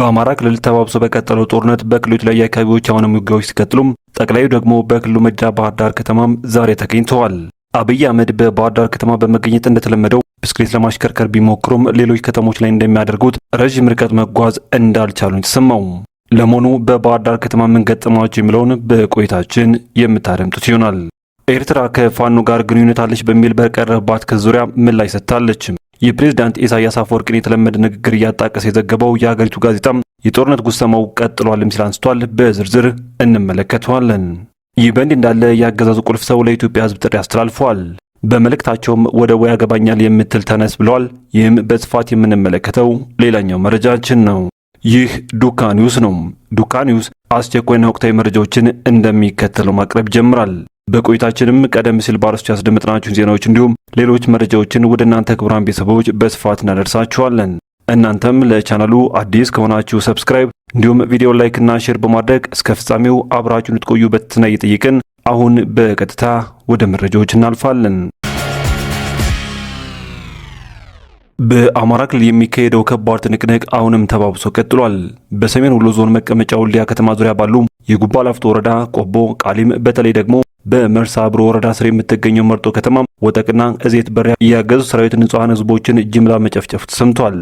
በአማራ ክልል ተባብሶ በቀጠለው ጦርነት በክልሉ የተለያዩ አካባቢዎች አሁንም ውጊያዎች ሲቀጥሉም ጠቅላዩ ደግሞ በክልሉ መዲና ባህር ዳር ከተማም ዛሬ ተገኝተዋል። አብይ አህመድ በባህር ዳር ከተማ በመገኘት እንደተለመደው ብስክሌት ለማሽከርከር ቢሞክሩም ሌሎች ከተሞች ላይ እንደሚያደርጉት ረዥም ርቀት መጓዝ እንዳልቻሉ የተሰማው። ለመሆኑ በባህር ዳር ከተማ ምን ገጠማቸው የሚለውን በቆይታችን የምታደምጡት ይሆናል። ኤርትራ ከፋኖ ጋር ግንኙነት አለች በሚል በቀረባት ከዙሪያ ምን ምላሽ ሰጥታለች። የፕሬዝዳንት ኢሳያስ አፈወርቅን የተለመደ ንግግር እያጣቀሰ የዘገበው የሀገሪቱ ጋዜጣ የጦርነት ጉሰማው ቀጥሏልም ሲል አንስቷል። በዝርዝር እንመለከተዋለን። ይህ በእንዲህ እንዳለ የአገዛዙ ቁልፍ ሰው ለኢትዮጵያ ሕዝብ ጥሪ አስተላልፏል። በመልእክታቸውም ወደቡ ያገባኛል የምትል ተነስ ብለዋል። ይህም በስፋት የምንመለከተው ሌላኛው መረጃችን ነው። ይህ ዱካ ኒውስ ነው። ዱካ ኒውስ አስቸኳይና ወቅታዊ መረጃዎችን እንደሚከተለው ማቅረብ ይጀምራል። በቆይታችንም ቀደም ሲል ባርስቱ ያስደመጥናችሁን ዜናዎች እንዲሁም ሌሎች መረጃዎችን ወደ እናንተ ክቡራን ቤተሰቦች በስፋት እናደርሳችኋለን። እናንተም ለቻናሉ አዲስ ከሆናችሁ ሰብስክራይብ፣ እንዲሁም ቪዲዮ ላይክና ሼር በማድረግ እስከ ፍጻሜው አብራችሁን ልትቆዩ በትህትና እየጠየቅን አሁን በቀጥታ ወደ መረጃዎች እናልፋለን። በአማራ ክልል የሚካሄደው ከባድ ትንቅንቅ አሁንም ተባብሶ ቀጥሏል። በሰሜን ወሎ ዞን መቀመጫ ወልዲያ ከተማ ዙሪያ ባሉ የጉባ ላፍቶ ወረዳ ቆቦ ቃሊም፣ በተለይ ደግሞ በመርሳ አብሮ ወረዳ ስር የምትገኘው መርጦ ከተማ ወጠቅና እዜት በሪያ ያገዙ ሰራዊት ንጹሐን ህዝቦችን ጅምላ መጨፍጨፍ ተሰምቷል።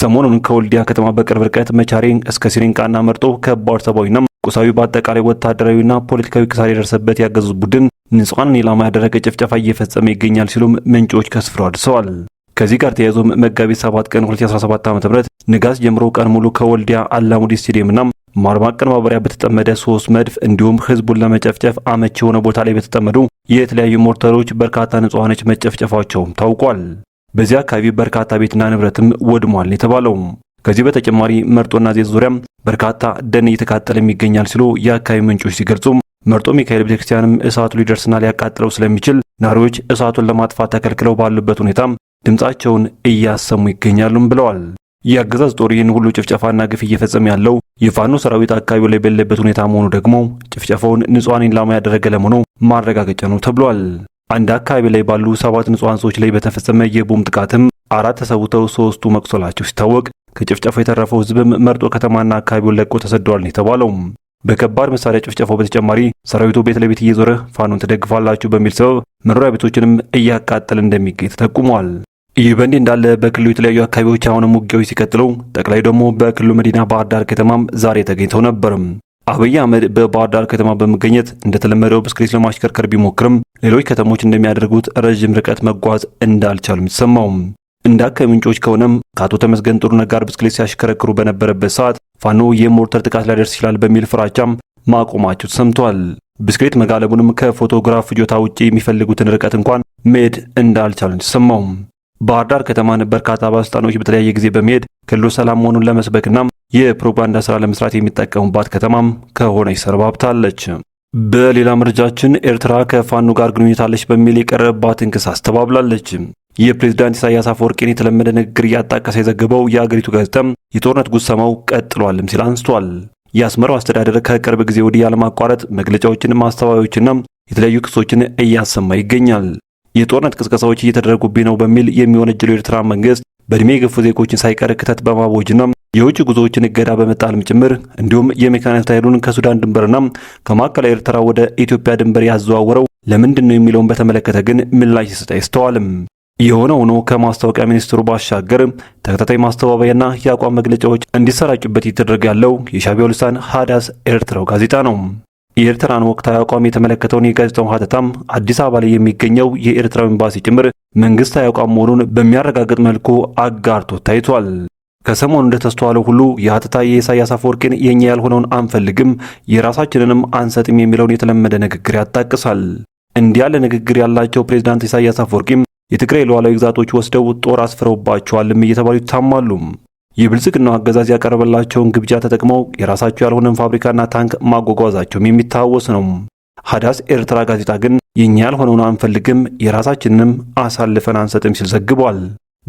ሰሞኑን ከወልዲያ ከተማ በቅርብ ርቀት መቻሬ እስከ ሲሪንቃና መርጦ ከባድ ሰብአዊና ቁሳዊ በአጠቃላይ ወታደራዊና ፖለቲካዊ ክሳር የደረሰበት ያገዙ ቡድን ንጹሐንን ኢላማ ያደረገ ጭፍጨፋ እየፈጸመ ይገኛል ሲሉም ምንጮች ከስፍራው አድርሰዋል። ከዚህ ጋር ተያይዞም መጋቢት 7 ቀን 2017 ም ንጋት ጀምሮ ቀን ሙሉ ከወልዲያ አላሙዲ ስቴዲየምና ማርማ አቀነባበሪያ በተጠመደ ሶስት መድፍ እንዲሁም ህዝቡን ለመጨፍጨፍ አመቺ የሆነ ቦታ ላይ በተጠመዱ የተለያዩ ሞርተሮች በርካታ ንጹሐኖች መጨፍጨፋቸውም ታውቋል። በዚህ አካባቢ በርካታ ቤትና ንብረትም ወድሟል የተባለው። ከዚህ በተጨማሪ መርጦና ዜት ዙሪያም በርካታ ደን እየተቃጠለም ይገኛል ሲሉ የአካባቢ ምንጮች ሲገልጹ፣ መርጦ ሚካኤል ቤተክርስቲያንም እሳቱ ሊደርስና ሊያቃጥለው ስለሚችል ነዋሪዎች እሳቱን ለማጥፋት ተከልክለው ባሉበት ሁኔታም ድምፃቸውን እያሰሙ ይገኛሉም ብለዋል። የአገዛዝ ጦር ይህን ሁሉ ጭፍጨፋና ግፍ እየፈጸመ ያለው የፋኖ ሰራዊት አካባቢው ላይ በሌለበት ሁኔታ መሆኑ ደግሞ ጭፍጨፋውን ንጹሐን ኢላማ ያደረገ ለመሆኑ ማረጋገጫ ነው ተብሏል። አንድ አካባቢ ላይ ባሉ ሰባት ንጹሐን ሰዎች ላይ በተፈጸመ የቦምብ ጥቃትም አራት ተሰውተው ሶስቱ መቁሰላቸው ሲታወቅ ከጭፍጨፋው የተረፈው ህዝብም መርጦ ከተማና አካባቢውን ለቆ ተሰደዋል ነው የተባለው። በከባድ መሳሪያ ጭፍጨፋው በተጨማሪ ሰራዊቱ ቤት ለቤት እየዞረ ፋኖን ትደግፋላችሁ በሚል ሰበብ መኖሪያ ቤቶችንም እያቃጠለ እንደሚገኝ ተጠቁሟል። ይህ በእንዲህ እንዳለ በክልሉ የተለያዩ አካባቢዎች አሁንም ውጊያዎች ሲቀጥሉ ጠቅላይ ደግሞ በክልሉ መዲና ባህር ዳር ከተማም ዛሬ ተገኝተው ነበር። አብይ አህመድ በባህር ዳር ከተማ በመገኘት እንደተለመደው ብስክሌት ለማሽከርከር ቢሞክርም ሌሎች ከተሞች እንደሚያደርጉት ረዥም ርቀት መጓዝ እንዳልቻሉም ይሰማውም። እንደ አካባቢ ምንጮች ከሆነም ከአቶ ተመስገን ጥሩነህ ጋር ብስክሌት ሲያሽከረክሩ በነበረበት ሰዓት ፋኖ የሞርተር ጥቃት ሊያደርስ ይችላል በሚል ፍራቻም ማቆማቸው ተሰምቷል። ብስክሌት መጋለቡንም ከፎቶግራፍ ፍጆታ ውጪ የሚፈልጉትን ርቀት እንኳን መሄድ እንዳልቻሉ ይሰማውም። ባህር ዳር ከተማን በርካታ ባለስልጣኖች በተለያየ ጊዜ በመሄድ ክልሉ ሰላም መሆኑን ለመስበክና የፕሮፓጋንዳ ስራ ለመስራት የሚጠቀሙባት ከተማም ከሆነች ሰርባብታለች። በሌላ መረጃችን ኤርትራ ከፋኖ ጋር ግንኙነት አለች በሚል የቀረበባትን ክስ አስተባብላለች። የፕሬዝዳንት ኢሳያስ አፈወርቂን የተለመደ ንግግር እያጣቀሰ የዘገበው የአገሪቱ ጋዜጣም የጦርነት ጉሰማው ቀጥሏልም ሲል አንስቷል። የአስመራው አስተዳደር ከቅርብ ጊዜ ወዲህ ያለማቋረጥ መግለጫዎችን፣ ማስተባበያዎችና የተለያዩ ክሶችን እያሰማ ይገኛል። የጦርነት ቅስቀሳዎች እየተደረጉብኝ ነው በሚል የሚወነጀለው የኤርትራ መንግስት በእድሜ የገፉ ዜጎችን ሳይቀር ክተት በማወጅና የውጭ ጉዞዎችን እገዳ በመጣልም ጭምር እንዲሁም የሜካናይዝድ ኃይሉን ከሱዳን ድንበርና ከማዕከላዊ ኤርትራ ወደ ኢትዮጵያ ድንበር ያዘዋወረው ለምንድን ነው የሚለውን በተመለከተ ግን ምላሽ ሲሰጥ አይስተዋልም። የሆነ ሆኖ ከማስታወቂያ ሚኒስትሩ ባሻገር ተከታታይ ማስተባበያና የአቋም መግለጫዎች እንዲሰራጩበት እየተደረገ ያለው የሻዕቢያው ልሳን ሀዳስ ኤርትራው ጋዜጣ ነው። የኤርትራን ወቅታዊ አቋም የተመለከተውን የጋዜጣው ሀተታም አዲስ አበባ ላይ የሚገኘው የኤርትራው ኤምባሲ ጭምር መንግስታዊ አቋም መሆኑን በሚያረጋግጥ መልኩ አጋርቶ ታይቷል። ከሰሞኑ እንደተስተዋለው ሁሉ የሀተታ የኢሳያስ አፈወርቂን የእኛ ያልሆነውን አንፈልግም የራሳችንንም አንሰጥም የሚለውን የተለመደ ንግግር ያጣቅሳል። እንዲህ ያለ ንግግር ያላቸው ፕሬዚዳንት ኢሳያስ አፈወርቂም የትግራይ ሉዓላዊ ግዛቶች ወስደው ጦር አስፍረውባቸዋልም እየተባሉ ይታማሉ። የብልጽግናው አገዛዝ ያቀረበላቸውን ግብዣ ተጠቅመው የራሳቸው ያልሆነን ፋብሪካና ታንክ ማጓጓዛቸውም የሚታወስ ነው። ሀዳስ ኤርትራ ጋዜጣ ግን የእኛ ያልሆነውን አንፈልግም የራሳችንንም አሳልፈን አንሰጥም ሲል ዘግቧል።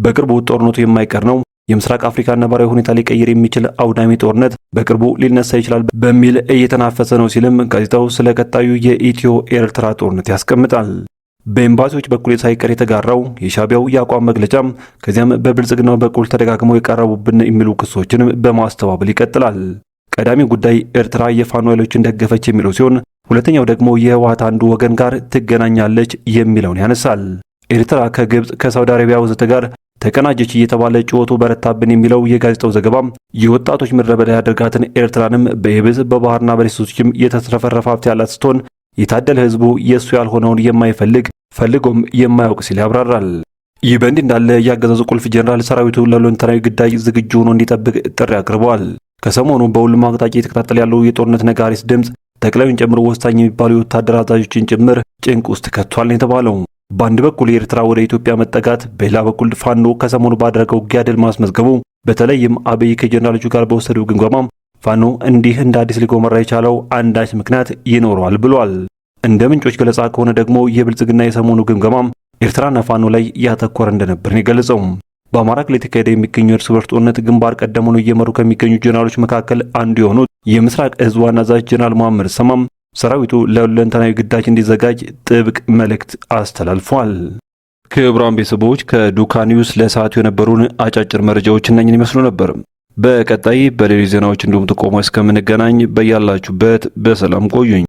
በቅርቡ ጦርነቱ የማይቀር ነው። የምስራቅ አፍሪካ ነባራዊ ሁኔታ ሊቀይር የሚችል አውዳሚ ጦርነት በቅርቡ ሊነሳ ይችላል በሚል እየተናፈሰ ነው ሲልም ጋዜጣው ስለ ቀጣዩ የኢትዮ ኤርትራ ጦርነት ያስቀምጣል። በኤምባሲዎች በኩል ሳይቀር የተጋራው የሻቢያው የአቋም መግለጫም ከዚያም በብልጽግናው በኩል ተደጋግመው የቀረቡብን የሚሉ ክሶችንም በማስተባበል ይቀጥላል። ቀዳሚው ጉዳይ ኤርትራ የፋኖ ኃይሎችን ደገፈች የሚለው ሲሆን ሁለተኛው ደግሞ የህወሓት አንዱ ወገን ጋር ትገናኛለች የሚለውን ያነሳል። ኤርትራ ከግብፅ ከሳውዲ አረቢያ ወዘተ ጋር ተቀናጀች እየተባለ ጩኸቱ በረታብን የሚለው የጋዜጣው ዘገባም የወጣቶች ምድረ ያደርጋትን ኤርትራንም በየብስ በባህርና በደሴቶችም የተትረፈረፈ ሀብት ያላት ስትሆን የታደለ ህዝቡ የእሱ ያልሆነውን የማይፈልግ ፈልጎም የማያውቅ ሲል ያብራራል። ይህ በእንዲህ እንዳለ የአገዛዙ ቁልፍ ጀኔራል ሰራዊቱ ለሁለንተናዊ ግዳጅ ዝግጁ ሆኖ እንዲጠብቅ ጥሪ አቅርበዋል። ከሰሞኑ በሁሉም አቅጣጫ የተከታተለ ያለው የጦርነት ነጋሪት ድምፅ ጠቅላዩን ጨምሮ ወሳኝ የሚባሉ የወታደር አዛዦችን ጭምር ጭንቅ ውስጥ ከቷል ነው የተባለው። በአንድ በኩል የኤርትራ ወደ ኢትዮጵያ መጠጋት፣ በሌላ በኩል ፋኖ ከሰሞኑ ባደረገው ውጊያ ድል ማስመዝገቡ፣ በተለይም አብይ ከጀኔራሎቹ ጋር በወሰደው ግምገማም ፋኖ እንዲህ እንደ አዲስ ሊጎመራ የቻለው አንዳች ምክንያት ይኖረዋል ብሏል። እንደ ምንጮች ገለጻ ከሆነ ደግሞ የብልጽግና የሰሞኑ ግምገማም ኤርትራና ፋኖ ላይ ያተኮረ እንደነበር የገለጸው በአማራ ክልል የተካሄደ የሚገኘው እርስ በርስ ጦርነት ግንባር ቀደም ሆኖ እየመሩ ከሚገኙ ጀነራሎች መካከል አንዱ የሆኑት የምስራቅ እዝ ዋና አዛዥ ጀነራል መሐመድ ሰማም ሰራዊቱ ለሁለንተናዊ ግዳጅ እንዲዘጋጅ ጥብቅ መልእክት አስተላልፏል። ክቡራን ቤተሰቦች ከዱካ ኒውስ ለሰዓቱ የነበሩን አጫጭር መረጃዎች እነኝን ይመስሉ ነበር። በቀጣይ በሌሎች ዜናዎች እንዲሁም ጥቆማ እስከምንገናኝ በያላችሁበት በሰላም ቆዩኝ።